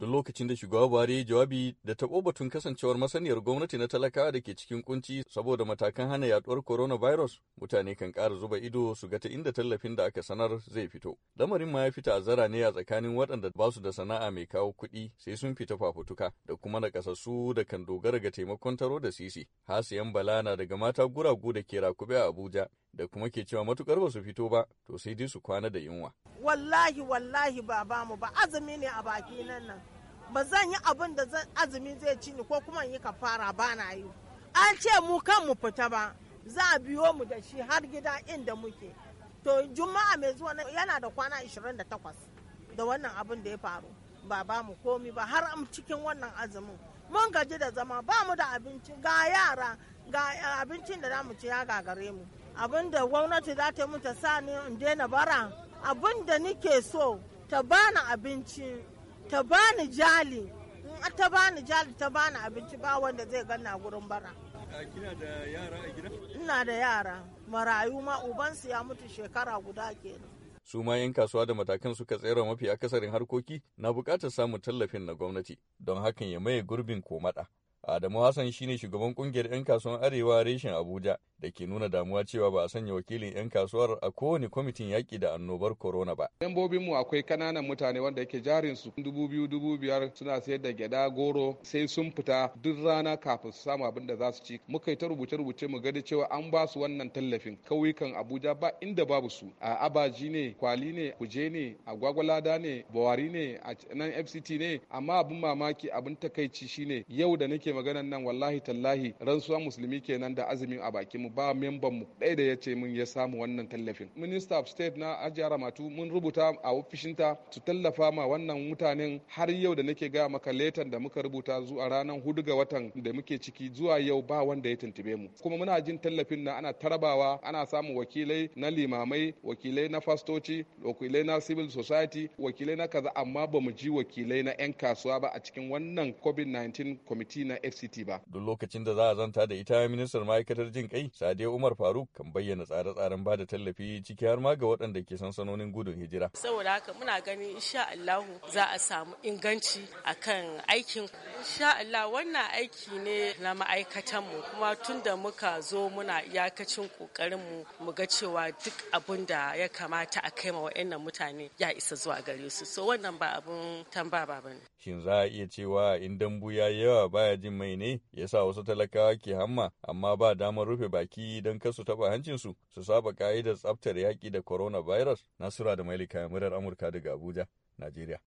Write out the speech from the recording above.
Duk lokacin da shugaba Buhari jawabi da taɓo batun kasancewar masaniyar gwamnati na talakawa da ke cikin kunci saboda matakan hana yaduwar coronavirus, mutane kan ƙara zuba ido su ga ta inda tallafin da aka sanar zai fito. Lamarin ma ya fita a zara ne a tsakanin waɗanda ba su da sana'a mai kawo kuɗi sai sun fita fafutuka da kuma na nakasassu da kan dogara ga taimakon taro da sisi. Hasiyan Bala na daga mata guragu da ke rakube a Abuja da kuma ke cewa matukar ba su fito ba to sai dai su kwana da yunwa. Wallahi wallahi ba ba mu ba azumi ne a baki nan nan. Ba zan yi abin da azumi zai ci ni ko kuma yi kafara ba na yi. An ce mu kan mu fita ba za a biyo mu da shi har gida inda muke. To juma'a mai zuwa yana da kwana 28 da wannan abin da ya faru. Ba ba mu komi ba har cikin wannan azumin. Mun gaji da zama ba mu da abinci ga yara ga eh, abincin da za mu ci ya gagare mu. abin da gwamnati za ta yi mun ta sa ni in daina bara abin da nike so ta bani abinci ta bani jali in ta bani jali ta bani abinci ba wanda zai ganna gurin bara kina da yara a gida ina da yara marayu ma ubansu ya mutu shekara guda kenan su ma 'yan kasuwa da matakan suka tsere mafi akasarin harkoki na bukatar samun tallafin na gwamnati don hakan ya maye gurbin komada Adamu Hassan shine shugaban kungiyar 'yan kasuwan Arewa reshen Abuja da ke nuna damuwa cewa ba a sanya wakilin 'yan kasuwar a kowane kwamitin yaƙi da annobar corona ba. Membobin mu akwai kananan mutane wanda yake jarin su dubu biyu dubu biyar suna sayar da gyada goro sai sun fita duk rana kafin su samu abin da za su ci. Muka yi ta rubuce rubuce mu gani cewa an ba su wannan tallafin kauyukan Abuja ba inda babu su a Abaji ne Kwali ne Kuje ne Agwagwalada ne Bawari ne a nan FCT ne amma abin mamaki abin takaici shine yau da nake maganan nan wallahi tallahi rantsuwa musulmi kenan da azumin a bakin ba memban mu ɗaya da ya ce mun ya samu wannan tallafin minister of state na ajiyar matu mun rubuta a ofishinta su tallafa ma wannan mutanen har yau da nake ga maka letan da muka rubuta zuwa ranar hudu ga watan da muke ciki zuwa yau ba wanda ya tuntube mu kuma muna jin tallafin na ana tarabawa ana samun wakilai na limamai wakilai na fastoci wakilai na civil society wakilai na kaza amma ba mu ji wakilai na 'yan kasuwa ba a cikin wannan covid-19 committee na fct ba duk lokacin da za a zanta da ita ministan ma'aikatar jin kai sadiya Umar Faruk kan bayyana tsare-tsaren bada tallafi ciki har ma ga waɗanda ke sansanonin gudun hijira. Saboda haka muna ganin insha Allah za a samu inganci akan aikin. Insha Allah wannan aiki ne na ma'aikatanmu kuma tun da muka zo muna iyakacin ƙoƙarinmu mu ga cewa duk abun da ya kamata a kai ma waɗannan mutane ya isa zuwa gare su. So wannan ba abun tamba ba ne. Shin za a iya cewa in dambu ya yawa baya jin mai ne yasa wasu talakawa ke hamma amma ba damar rufe baki baki don kasu taba hancinsu su saba ka'idar tsaftar yaƙi da coronavirus nasura da mailika murar amurka daga abuja najeriya